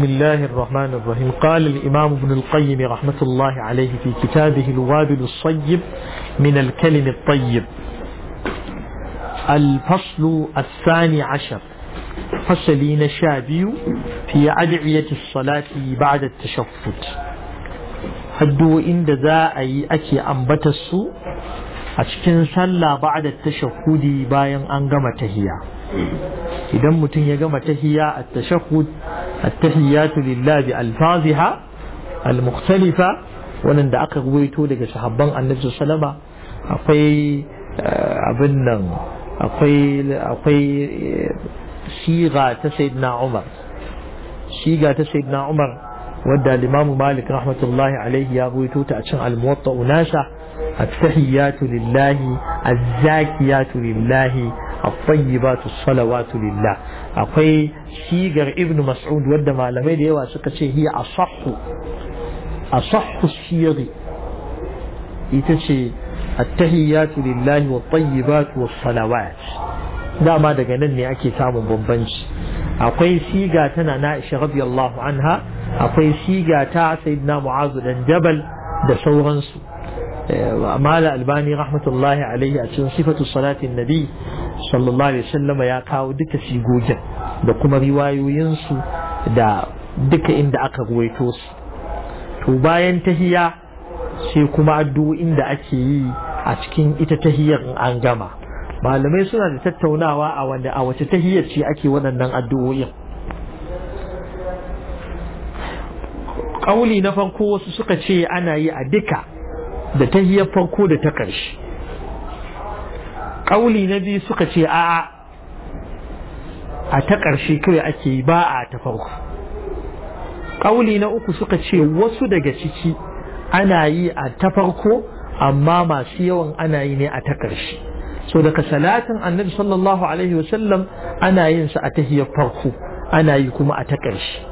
بسم الله الرحمن الرحيم قال الإمام ابن القيم رحمة الله عليه في كتابه الوابل الصيب من الكلم الطيب الفصل الثاني عشر فصلين شابي في أدعية الصلاة بعد التشفت هدو إن ذا أي أكي أنبتسو أشكن صلى بعد التشفت باين أنقمتهيا إذا متن يقمتهيا التشفت التحيات لله بألفاظها المختلفة wannan da aka gwaito daga shahabban annabi sallama akwai abin nan akwai akwai shiga ta sayyidina Umar shiga ta sayyidina Umar wadda Imam Malik rahmatullahi alaihi ya gwaito ta a cikin al-Muwatta unasha التحيات لله الزاكيات لله الطيبات الصلوات لله أقول سيجر ابن مسعود ود ما لم يدعوا هي أصح أصح السيغ يتشي التحيات لله والطيبات والصلوات دا ما دقنني أكي سامن بمبنش akwai siga tana na ishe radiyallahu anha akwai siga ta sayyidina mu'azu dan jabal da sauransu Eh, mala albani rahmatullahi alaihi a cikin sifatu salatin nabi sallallahu alaihi wasallam ya kawo duka sigogin da kuma riwayoyinsu da duka inda aka ruwaito su to bayan tahiya sai kuma addu'o'in da ake yi a cikin ita tahiyar an gama malamai suna da tattaunawa a wanda a wace tahiyar ce ake waɗannan addu'o'in ƙauli na farko wasu suka ce ana yi a duka da tahiyar farko da ta ƙarshe ƙauli na biyu suka ce a'a a ta ƙarshe kawai ake yi ba a ta farko ƙauli na uku suka ce wasu daga ciki ana yi a ta farko amma masu yawan ana yi ne a ta ƙarshe so daga salatin annabi sallallahu alaihi wasallam ana yin sa a tahiyar farko ana yi kuma a ta ƙarshe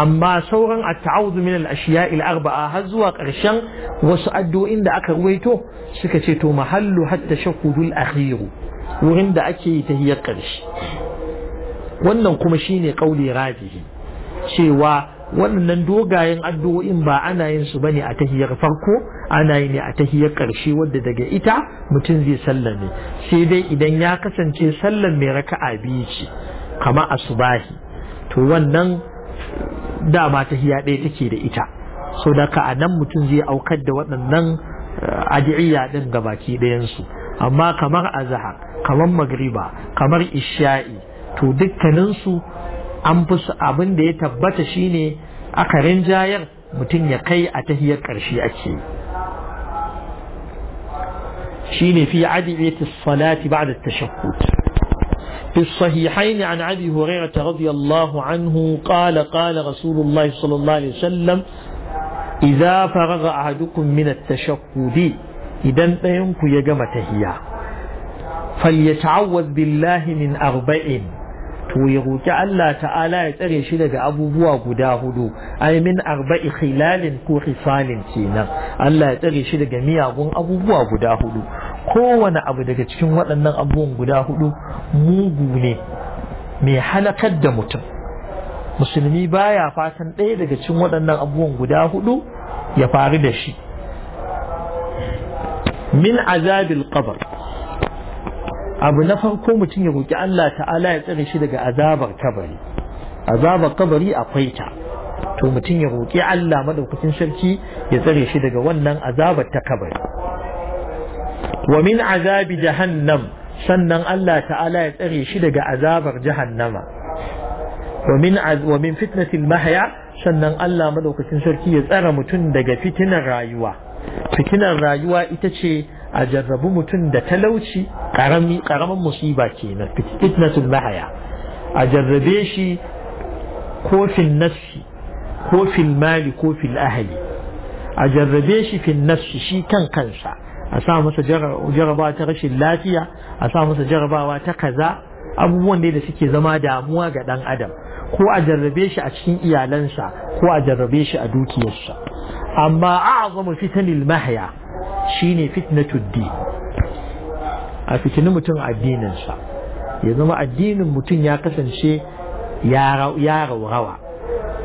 amma sauran a ta'awudu min al-ashiya arbaa har zuwa ƙarshen wasu addu'o'in da aka ruwaito suka ce to mahallu hatta shakudul akhiru wurin da ake yi tahiyar ƙarshe wannan kuma shine kauli rajihi cewa waɗannan dogayen addu'o'in ba ana yin su bane a tahiyar farko ana yi ne a tahiyar ƙarshe wadda daga ita mutum zai sallame sai dai idan ya kasance sallan mai raka'a biyu ce kama asubahi to wannan dama hiya ɗaya take da ita so da ka anan mutum zai aukar da waɗannan eh, adi'iyya ɗin gabaki ɗayansu amma kamar Azahar, kamar magriba kamar isha'i to dukkaninsu an fi su abin da ya tabbata shine aka jayar mutum ya kai a tahiyar ƙarshe ake shine fi ta salati ba'da tashakkut في الصحيحين عن أبي هريرة رضي الله عنه قال قال رسول الله صلى الله عليه وسلم إذا فرغ أحدكم من التشهد إذا أنكو يجمع تهيا فليتعوذ بالله من أربع to ya roki Allah ta'ala ya tsare shi daga abubuwa guda hudu ai min arba'i ko khisalin kenan Allah ya tsare shi daga miyagun abubuwa guda hudu kowane abu daga cikin waɗannan abubuwan guda hudu mugu ne mai halakar da mutum musulmi baya fatan ɗaya daga cikin waɗannan abubuwan guda hudu ya faru da shi min azabil qabr abu na farko mutum ya roki Allah ta'ala ya tsare shi daga azabar kabari azabar kabari akwai ta to mutum ya roki Allah madaukakin sarki ya tsare shi daga wannan azabar ta kabari wa min azabi jahannam sannan Allah ta'ala ya tsare shi daga azabar jahannama wa min wa min fitnatil mahya sannan Allah madaukakin sarki ya tsara mutum daga fitinar rayuwa fitinar rayuwa ita ce a jarrabu mutum da talauci karami karaman musiba kenan fitnatul mahya a jarrabe shi ko fil nafsi ko mali ko fil a jarrabe shi fin nafsi shi kan kansa a sa masa jarabawa ta rashin lafiya a sa masa jarabawa ta kaza abubuwan da suke zama damuwa ga dan adam ko a jarrabe shi a cikin iyalansa ko a jarrabe shi a dukiyarsa amma a'zamu fitanil mahya shine fitnatud din a fitini mutum addininsa ya zama addinin mutum ya kasance ya raurawa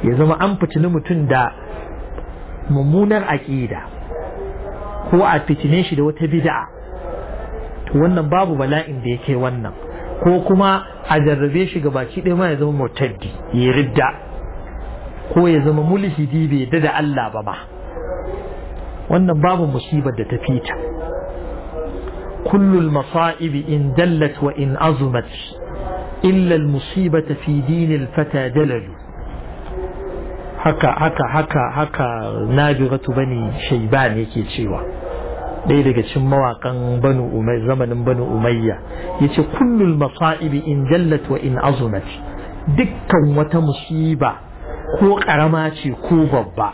ya zama an fitini mutum da mummunar aƙida ko a fitine shi da wata bid'a wannan babu bala'in da yake wannan ko kuma a jarrabe shi ga baki ɗaya ma ya zama murtaddi ya ridda ko ya zama mulhidi bai yadda da Allah ba ba wannan babu musibar da ta fita kullul masa'ibi in dallat wa in azumat illa al-musibata fi dinil fata dalalu haka haka haka haka nabiratu bani shayban yake cewa ɗaya daga cikin mawaƙan banu zamanin banu umayya ce kullul masa'ibi in jallat wa in azumat dukkan wata musiba ko ƙarama ce ko babba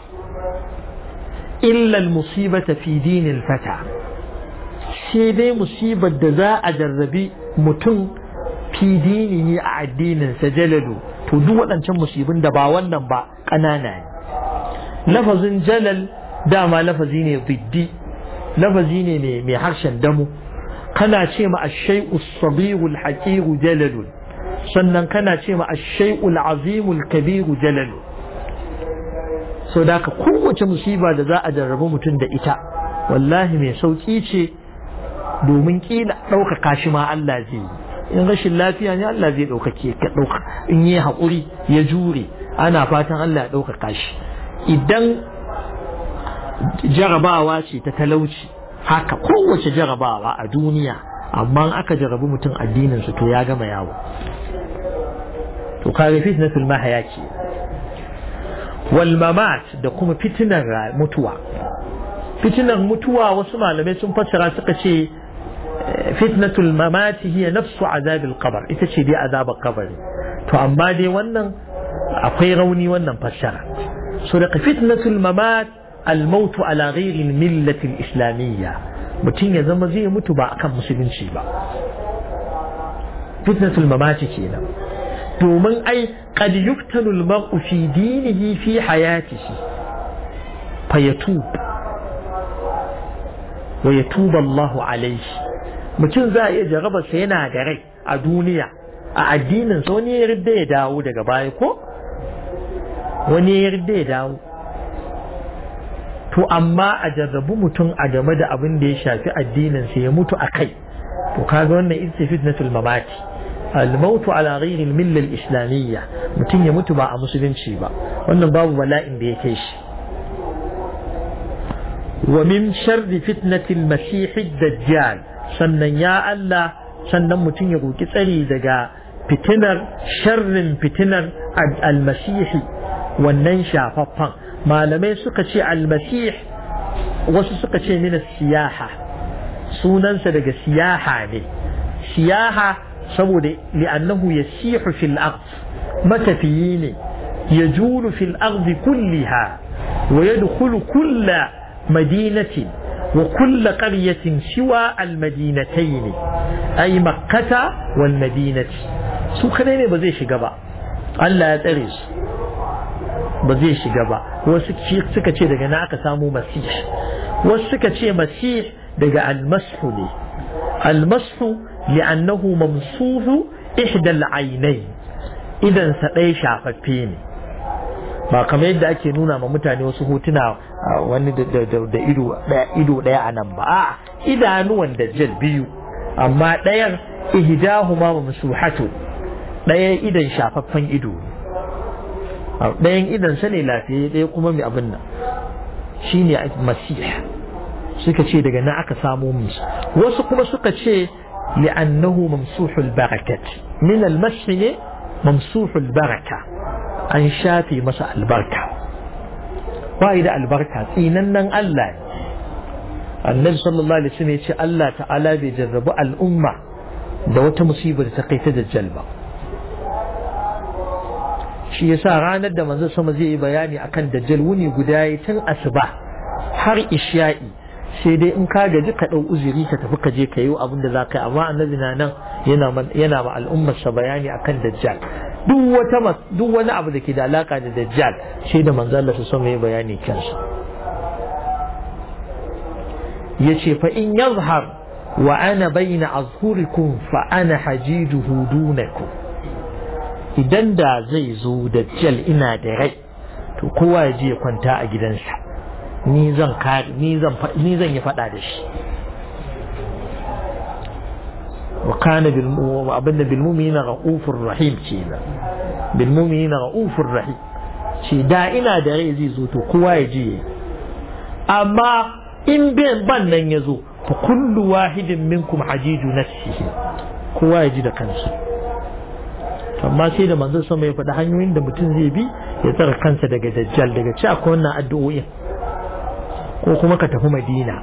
illal musibata fi dinil fata sai dai musibar da za a jarrabi mutum fi dini ne a addinin sa jalalu to duk waɗancan musibin da ba wannan ba ƙanana ne lafazin jalal dama lafazi ne biddi lafazi ne mai harshen damu kana ce ma ash-shay'u sabiru jalalun sannan kana ce ma ash-shay'u kabiru jalalun so da ka kowace musiba da za a jarrabu mutum da ita wallahi mai sauƙi ce domin ƙila. ɗaukaka shi ma Allah zai yi in rashin lafiya ne Allah zai ɗaukake ka ɗauka in yi haƙuri ya jure ana fatan Allah ya ɗaukaka shi idan jarabawa ce ta talauci haka kowace jarabawa a duniya amma aka jarabi mutum su to ya gama yawo to kare fitnatul mahaya ce wal mamat da kuma fitinan mutuwa fitinan mutuwa wasu malamai sun fassara suka ce fitnatul mamati hiya nafsu azabil qabr ita ce dai azabar kabari to amma dai wannan akwai rauni wannan fassara so da fitnatul mamat almautu ala ghairi millatin islamiyya mutum ya zama zai mutu ba akan musulunci ba fitnatul mamati kenan domin ai qad dini almar'u fi dinihi fi hayatihi fa yatub wa yatub Allahu alayhi mutum za a iya jaraba yana da rai a duniya a addinin sa wani yarda ya dawo daga baya ko wani yarda ya dawo to amma a jarrabu mutum a game da abin da ya shafi addinin sa ya mutu a kai to kaga wannan ita fitnatul mamati al ala ghairi al-milla islamiyya mutum ya mutu ba a musulunci ba wannan babu bala'in da ya kai shi wa min sharri fitnatil masih dajjal sannan ya Allah sannan mutum ya roki tsari daga fitinar sharrin fitinar al-masih wannan shafaffan malamai suka ce almasih wasu suka ce mina siyaha sunansa daga siyaha ne siyaha saboda li'annahu yasihu fil ard matafiyi ne يجول في الأرض كلها ويدخل كل مدينة وكل قرية سوى المدينتين أي مكة shiga ba Allah ya tsare su ba zai shiga ba wasu suka ce daga na aka samu masih wasu suka ce masih daga almasu ne almasu mamsu mamsuhu ihda al'ainai idan sa ɗaya shafaffe ne ba kamar yadda ake nuna ma mutane wasu hotuna wani da ido ɗaya a nan ba a idanuwan da jil biyu amma ɗayan ihdahuma mamsuhatu ɗaya idan shafaffen ido ne ɗayan idan sa ne lafiya ɗaya kuma mai abin nan shine masih suka ce daga na aka samo musu wasu kuma suka ce li'annahu mamsuhul barakat min almasih ne mamsuhul baraka an shafe masa albarka ba da albarka tsinannen Allah ne annabi sallallahu alaihi wasallam ya ce Allah ta'ala bai jarrabu al'umma da wata musibar da ta kai ta dajjal ba shi yasa ranar da manzo sama zai yi bayani akan dajjal wuni guda yi tun asuba har isha'i sai dai in ka gaji ka dau uzuri ka tafi ka je ka yi abin da zaka yi amma annabi na nan yana yana ma al'ummar sa bayani akan dajjal duk wata duk wani abu da ke da alaka da dajjal sai da manzo Allah ya yi bayani kansa yace fa in yazhar wa ana bayna azhurikum fa ana hajiduhu dunakum idan da zai zo da jal ina da rai to kowa ya je ya kwanta a gidansa ni zan ni zan yi faɗa da shi wa kana bil abinda bil mu'minu ra'ufur rahim kenan bil mu'minu ra'ufur rahim ce da ina da rai zai zo to kowa ya je amma in ban nan ya zo fa kullu wahidin minkum ajiju nafsihi kowa ya ji da kansa amma sai da manzon sama ya faɗi hanyoyin da mutum zai bi ya tsara kansa daga dajjal daga ci akwai wannan addu'o'in ko kuma ka tafi madina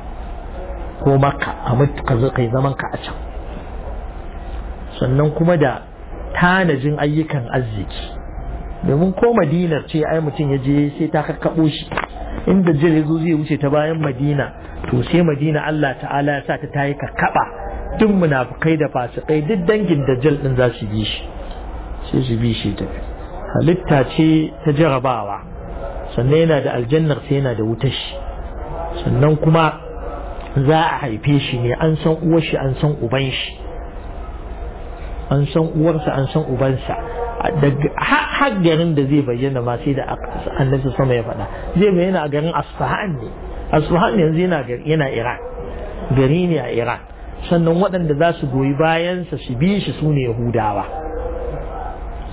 ko makka a mutu ka zo kai zaman ka a can sannan kuma da tanajin ayyukan arziki domin ko madinar ce ai mutum ya je sai ta kakkaɓo shi inda jin yazo zai wuce ta bayan madina to sai madina Allah ta'ala ya sa ta yi kakkaɓa duk munafukai da fasikai duk dangin dajjal din za su bi shi sai su bi shi ta halitta ce ta jarabawa sannan yana da aljannar sai yana da wutar shi sannan kuma za a haife shi ne an san uwar shi an san uban shi an san uwarsa an san ubansa har garin da zai bayyana ma sai da annabi sama ya faɗa zai bayyana a garin asfahan ne asfahan yanzu yana yana iran gari ne a iran sannan waɗanda za su goyi bayansa su bi shi su ne yahudawa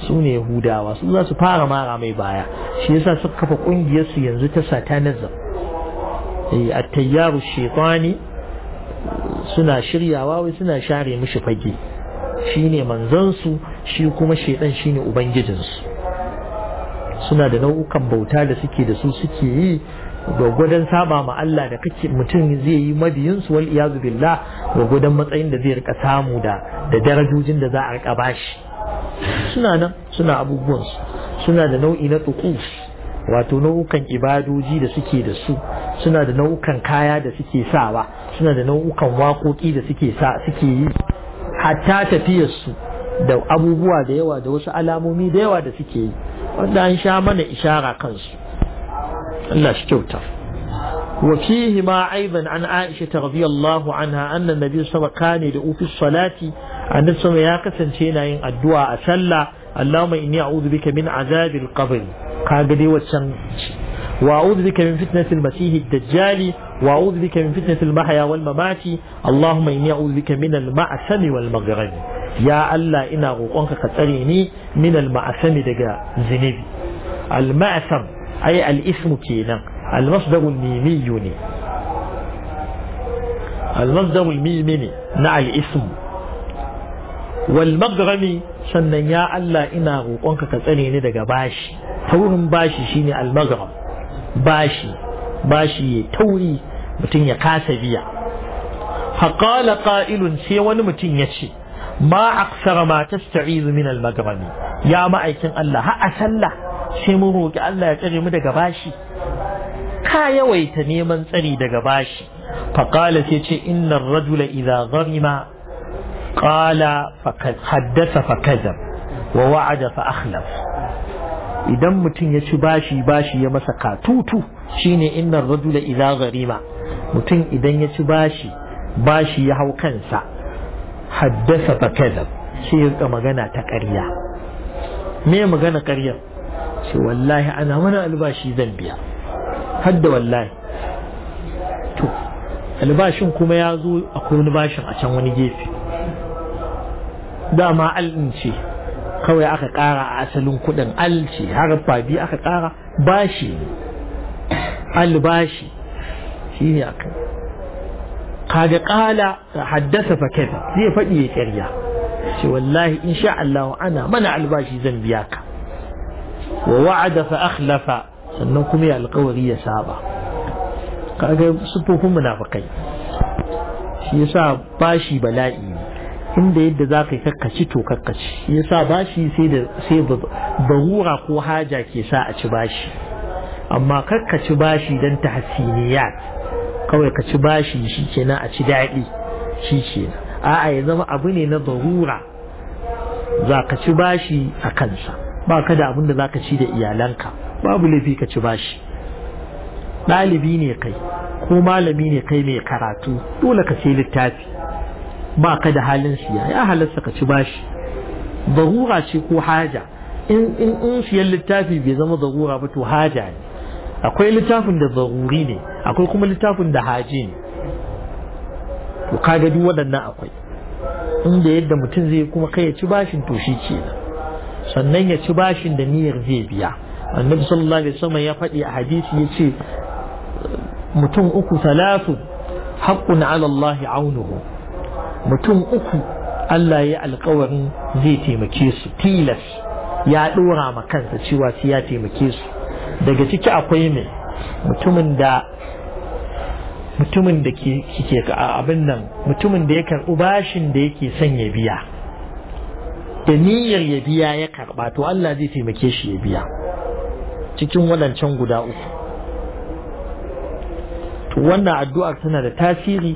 su ne yahudawa su za su fara mara mai baya shi yasa suka kafa kungiyar su yanzu ta satanism eh at-tayyaru shaytani suna shiryawa wai suna share mishi fage shine manzon su shi kuma shaytan shine ubangijin su suna da nau'ukan bauta da suke da su suke yi gudan saba ma Allah da kake mutum zai yi mabiyin su wal iyazu billah gudan matsayin da zai rika samu da da darajojin da za a rika bashi suna nan suna abubuwansu suna da nau'i na tukus wato nau'ukan ibadoji da suke da su suna da nau'ukan kaya da suke sawa suna da nau'ukan waƙoƙi da suke sa suke yi hatta tafiyarsu da abubuwa da yawa da wasu alamomi da yawa da suke yi wanda an sha mana ishara kansu Allah shi kyauta وفيهما أيضا عن عائشة رضي الله عنها أن النبي صلى الله عليه وسلم كان يدعو في الصلاة annabi sama ya kasance yana yin addu'a a sallah Allahumma inni a'udhu bika min azabil qabr kaga dai waccan وأعوذ بك من فتنة المسيح الدجال وأعوذ بك من فتنة المحيا والممات اللهم إني أعوذ بك من المعسم والمغرب يا الله إنا غوقونك قتليني من المعسم دقا زنبي المعسم أي الإثم كينا المصدر الميمي المصدر الميمي نع الإثم wal maghrami sannan ya Allah ina roƙonka ka tsare ni daga bashi taurin bashi shine al maghram bashi bashi ya tauri mutum ya kasa biya Haƙala ƙailun sai wani mutum ya ce ma aksara ma tasta'izu min al ya ma'aikin Allah ha a sallah sai mun roƙi Allah ya tsare mu daga bashi ka yawaita neman tsari daga bashi faqala sai ce innar rajula idza gharima qala haddasa fakazab wa wa'ada fa akhlaf idan mutum ya ci bashi bashi ya masa katutu shine innar rajula idza gharima mutum idan ya ci bashi bashi ya hau kansa haddasa fakazab sai ya magana ta ƙarya me magana ƙarya ce wallahi ana mana albashi zan biya hadda wallahi to albashin kuma ya zo akwai wani bashin a can wani gefe dama al'in ce kawai aka ƙara a asalin kuɗin al har harfa biyu aka kara bashi albashi. shi ne aka kaga ƙala haddasa faket zai faɗi ya ƙarya ce wallahi in sha Allah ana mana albashi zan biya ka wa wa'ada fa akhlafa sannan kuma ya alƙawari ya saba kaga sufofin munafikai shi yasa bashi bala'i inda yadda za ka kakkaci to kakkaci ya sa bashi sai da sai barura ko haja ke sa a ci bashi amma kakkaci bashi don ta kawai ka ci bashi shi kenan a ci daɗi shi kenan a'a ya zama abu ne na barura za ka ci bashi a kansa ba ka da abin da za ka ci da iyalanka babu laifi ka ci bashi ɗalibi ne kai ko malami ne kai mai karatu dole ka sai littafi ba ka da halin siya ya halarsa ka ci bashi zarura ce ko haja in in siyan littafi bai zama zarura ba to haja ne akwai littafin da zaruri ne akwai kuma littafin da haji ne to kaga duk waɗannan akwai inda yadda mutum zai kuma kai ya ci bashin to shi kenan sannan ya ci bashin da niyyar zai biya annabi sallallahu alaihi wasallam ya faɗi a hadisi ya ce mutum uku talatu haqqun ala allahi aunuhu mutum uku Allah ya alkawarin zai taimake su tilas ya ɗora ma kansa cewa sai ya taimake su daga ciki akwai mai mutumin da mutumin da ke abin nan mutumin da ya karɓi bashin da yake son ya biya da niyyar ya biya ya karba to Allah zai taimake shi ya biya cikin wadancan guda uku to wannan addu'ar tana da tasiri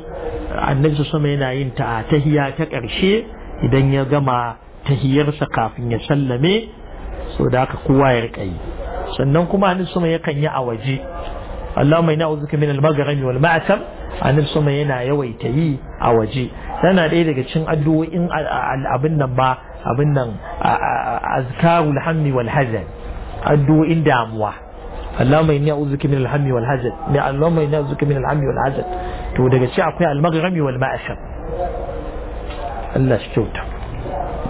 annabi sama yana yin ta tahiya ta ƙarshe idan ya gama tahiyarsa kafin ya sallame so da aka kowa ya riƙa yi sannan kuma annabi sama yakan yi a waje Allahumma inna a'udhuka min al-maghrami wal ma'tam annabi sama yana yawaita yi a waje Yana ɗaya daga cikin addu'o'in abin nan ba abin nan azkarul hammi wal hazan addu'o'in damuwa Allahumma inni a'udhuka min al-hammi wal hazan ne Allahumma inni a'udhuka min al-hammi wal hazan تودك الشعب المغرمي والمأشر الله شتوته